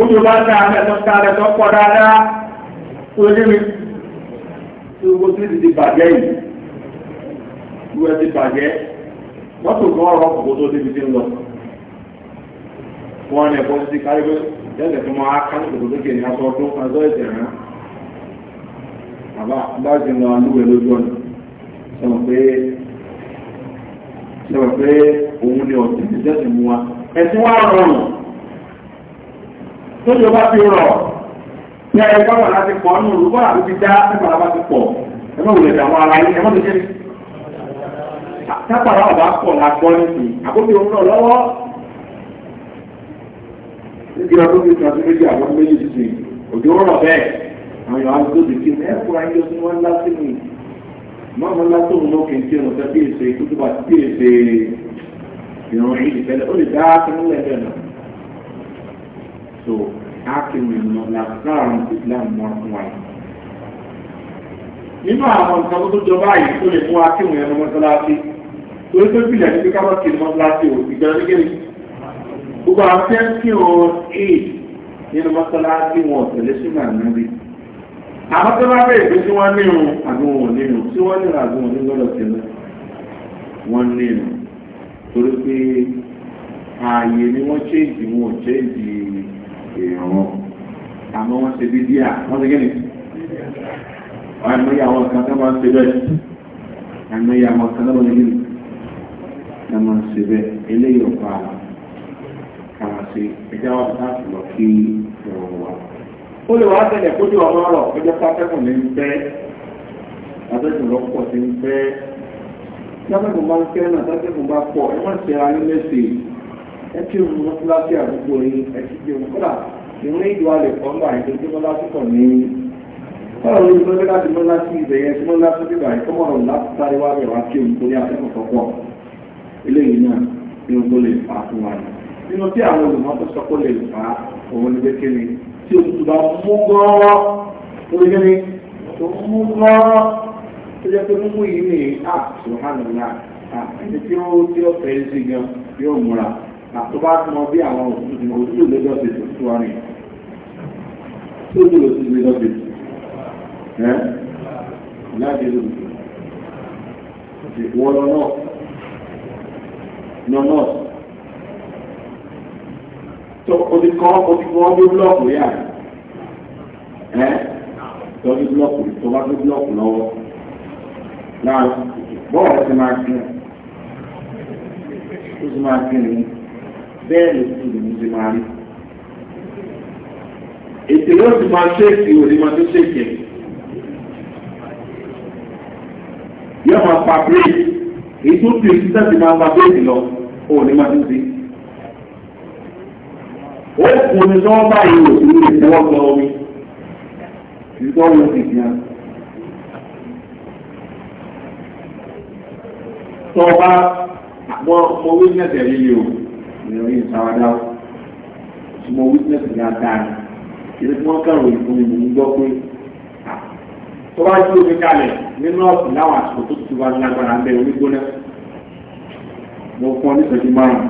ó tó bá ta ẹ̀tọ́ ta pọ̀ dáadáa tó lé mi tó o ti ti bàjẹ́ yìí ìwé ti bàjẹ́ mọ́tò kan ọ̀rọ̀ kòkó tó débi ti ń lọ wọ́n ẹ̀kọ́ ti kárí pé tó máa ká ní lókè ní aṣọ ọdún wa. ẹ̀sìn wá rọrùn tó yọ bá fi rọ̀ ní ẹ̀rẹ́ kọ́nà láti pọ̀ ní òru bọ́nà tó ti dá nígbàlá bá ti pọ̀ ẹ̀mọ́ òwúrẹ̀ dàwọn ara yín ẹ̀mọ́ tó jẹ́ tápàrà ọ̀bá pọ̀ la gbọ́ nìsí àkókò òun náà lọ́wọ́ níbi ọdún bíi tuntun méjì àwọn méjì tuntun òjò rọ̀ bẹ́ẹ̀ àwọn èèyàn ìrún yìí tẹ́lẹ̀ ó lè dá akínú lẹ́lẹ̀ náà so akínú ìrún làkàrùn islam mọ́ fún wa yìí nínú àwọn nǹkan tó jọ báyìí tó lè mú akínú ẹnu mọ́sálásí torí tó bìlẹ̀ ní pé kábọ̀ kí mọ́sálásí ò ìjọ nígbèrè gbogbo àwọn tẹ́ ń kí wọn éèd nínú mọ́sálásí wọn ọ̀tẹ̀lẹ́ sí màá níbi àwọn tó bá bẹ̀rẹ̀ tí wọ́n nírun àbí wọn tí wọ́n nírun àbí wọn ò ní wọ́n nírun torí pé ààyè ni wọ́n chéǹdì wọn ò chéǹdì èèyàn àmọ́ wọ́n ṣe bí díà wọ́n ṣe gẹ́nì àìmọye àwọn kan tó máa ń ṣe bẹ́ẹ̀ àìmọye àwọn kan tó máa ń ṣe bẹ́ẹ̀ tó máa ń ṣe bẹ́ẹ̀ eléyìí ọ̀pá kàwá sí ẹjá wa láti lọ kí ọ̀rọ̀ wa. ó lè wá tẹ̀lé kójú ọmọ rọ̀ ọjọ́ pátákùn ní ń fẹ́ abẹ́tùn ti ń fẹ́ sábẹ́kùn bá ń fẹ́ náà sábẹ́kùn bá pọ̀ ẹ má ṣe ara lẹ́sẹ̀ ẹ tí òun lọ síláṣí àdúgbò yìí ẹ ti di òun kọ́là ìwé ìlú alẹ̀ kan bá ìdó tí wọ́n lásì pọ̀ ní báwo ni ìgbẹ́ láti mọ́ láti ibẹ̀ yẹn tí wọ́n lásì bíbà yìí kọ́mọ̀ rọ̀ láti sáré wá bẹ̀rẹ̀ wá kí òun tó ní akẹ́kọ̀ọ́ pọ̀ eléyìí náà ni òun tó lè fà á fún wa nínú tí àwọn olùmọ̀ lè fà á òun ni bẹ́kẹ́ tí òun tó bá mú gbọ́ọ́ tó jẹ́ pé múmú yìí ní àtúnhánàlá ah, ah, ẹni tí ó tí ó fẹ́ sí gan yóò múra àtó ah, bá mọ bí àwọn òṣìṣẹ́ lọ́jọ́ ti tó tó wá ní tó tó lọ sí lọ́jọ́ ti tó ẹ́ láti lò ìwọ lọ́nà lọ́nà tó o ti kọ́ o ti kọ́ ọdún búlọ́ọ̀kù yà ẹ́ tọ́jú búlọ́ọ̀kù tó bá tó búlọ́ọ̀kù lọ́wọ́ náà bọ́ọ̀ ti máa fi hàn ó ti máa fi hàn bẹ́ẹ̀ ló sì lòun ti máa rí ètò yóò ti máa ṣéèkì òní máa tó ṣéèkì yóò máa pa bíréèkì èyí tó fi èyí sísá ti máa pa bíréèkì lọ òní máa tó ṣe ó kùn ní sọ́wọ́ báyìí òsì ní ìfọwọ́ gbọ́ omi ti fi hàn. tó bá mo witness ẹ̀ líle o ìrìn ìsáwádá tí mo witness ní adáa ìrìn tí wọ́n kàrò ìfún mi ní gbọ́ pé tó bá jí omi kalẹ̀ nínú ọ̀sìn láwọn àsìkò tó ti wá ní agbára ń bẹ omi gbóná mo fún ọ ní ìṣẹ́jú márùn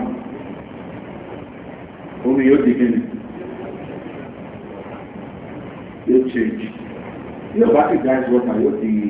omi yóò di kíni yóò change yóò bá ti dá ìṣòro yóò di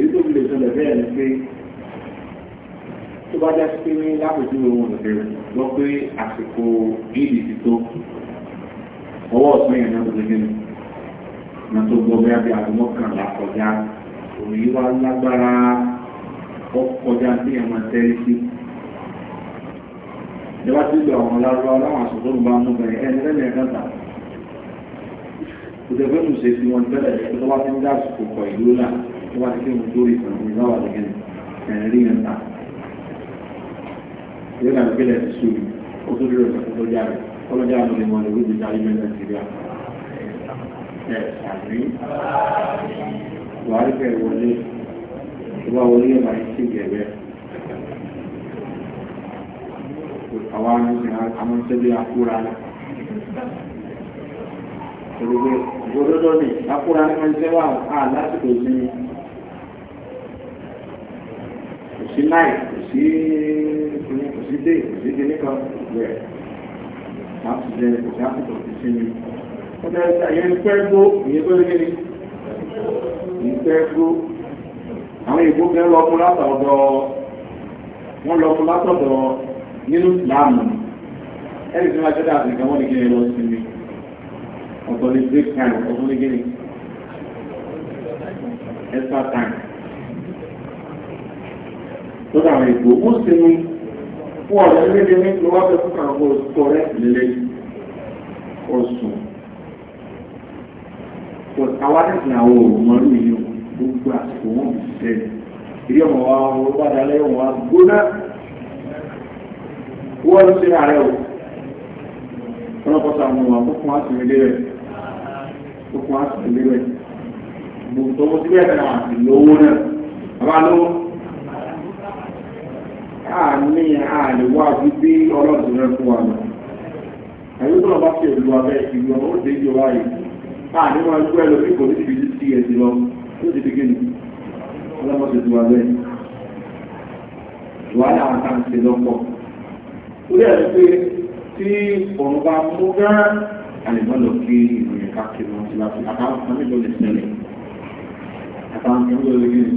èyí tó fi lè ṣẹlẹ̀ bẹ́ẹ̀ ni pé tó bá jásí pé ní lápòjú ohun ìbẹ̀rẹ̀ lọ pé àsìkò ìdí ti tó ọwọ́ ọ̀sán yẹn náà tó gbé nínú náà tó gbọ́ bí abẹ́ àdúgbò kan là kọjá òní wá lágbára ó kọjá sí ẹ̀ máa tẹ́rí sí. ìjọba tí ó gbà wọn lárúbá láwọn àsìkò tó bá mú bẹ̀rẹ̀ ẹni lẹ́nu ẹ̀ka tà kò ṣe sí wọn tẹ́lẹ̀ tó bá ti ń dá àsìkò kọ ìlú náà tó bá ti kéwòn tó rí ìtàn ìgbà wà lẹ́gẹ̀ ẹ̀rí yẹn ta ìwé náà gbé lẹ́sí sùn ó tó dúró ìtàn tó jáde ọlọ́jà ló lè mọ ìwé ìgbà ayé mẹ́ta ti rí ẹ̀ sàmì wàhálì bẹ̀rẹ̀ wọlé tó bá wọlé ẹ̀ máa ń ṣe gẹ̀ẹ́rẹ́ àwọn àwọn tẹ́lẹ̀ àkúra Gbogbo gbogbo ní àkúra ní ọjọ́ wà á lásìkò sí ni. sí náì kò sí kíní kò sí dé kò sí kíní kan rẹ̀ láti jẹ kò sí àsìkò sí sí mi. ó jẹ́ ẹ̀yẹ́ ń pẹ́ gbó ìyẹn tó lé kíni ń pẹ́ gbó àwọn ìbò fẹ́ lọ fún látọ̀dọ̀ wọ́n lọ fún látọ̀dọ̀ nínú ìlànà ẹni tí wọ́n jẹ́ dáàbò nìkan wọ́n ní kíni lọ sí mi ọ̀tọ̀ ní break time ọ̀tọ̀ ní kíni extra time lọ́dọ̀ àwọn ìgbò ó sì ní fún ọ̀rẹ́ lédè ní ló wá fẹ́ fún àwọn oṣù rẹ̀ lé oṣù àwa nìkan àwọn òmọ̀lú yìí gbogbo àsìkò wọn kì í ṣe ìdí ọmọ wa wọn bá dalẹ̀ wọn wá gbóná wọ́n ló ṣe ààrẹ o ọlọ́pọ̀ta àwọn ọmọ àkókò àtìmílé rẹ̀ àkókò àtìmílé rẹ̀ gbogbo tó wọ́n ti bẹ́ẹ̀ náà àti lówó náà àbá lówó àmì àlèwà gbígbé ọlọ́dún rẹ fún wa lọ. àyíkọ́ ọba fi èlú abẹ́ ìlú ọmọ òde ìjọ wa yìí àní máa gbọ́ ẹlò ní kò ní ìbí sí ẹ̀sìn lọ tó ti fi gíní ọlọ́mọdé ti wà bẹ́ẹ̀. wàhálà àtà ń ṣe lọ́pọ̀. ó yẹ pé tí òun bá mú gán àlèmọ́ lọ kí ìròyìn káàkiri wọn ti láti àtàwọn kan nílò lè ṣẹlẹ̀ àtàwọn kan nílò lè gíní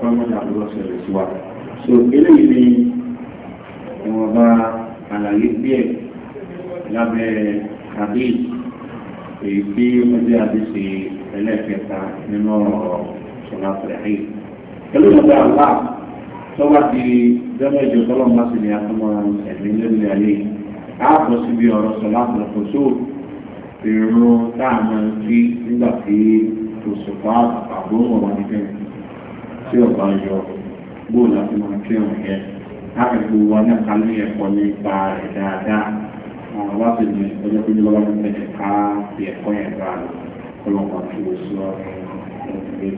ọlọ́mọdé àbúrò ṣẹlẹ̀ síwájú so eléyìí ni ìwọ̀nba àlàyé díẹ̀ lábẹ́ hadith èyí tí wọ́n jẹ́ àdíṣe ẹlẹ́ẹ̀kẹta nínú ọ̀rọ̀ ṣọlá fẹ̀rẹ̀ pẹ̀lú ọ̀dọ̀ àlá tọ́wá ti jẹ́mọ̀ ìjọ tọ́lọ́ bá sì ní atọ́mọ ẹ̀mí lórí ayé káàbọ̀ síbi ọ̀rọ̀ ṣọlá fẹ̀rẹ̀ kò sóò ìrún táàmù kí nígbà tí òṣùpá àbúrò wọn ní kẹ́yìn tí ọ̀gá yọ bóòlù àti máa kírun yẹn láti gbogbo wa náà ká ẹ̀kọ́ nípa rẹ̀ dáadáa láti ní ọjọ́ pé nígbà wọn tẹ̀lé ká fi ẹ̀kọ́ yẹn bá lọ ọlọ́pàá tí ó sọ ọ̀rọ̀ ìgbé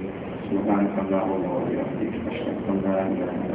tí ó bá ń kan láwọn ọ̀rọ̀ ìgbé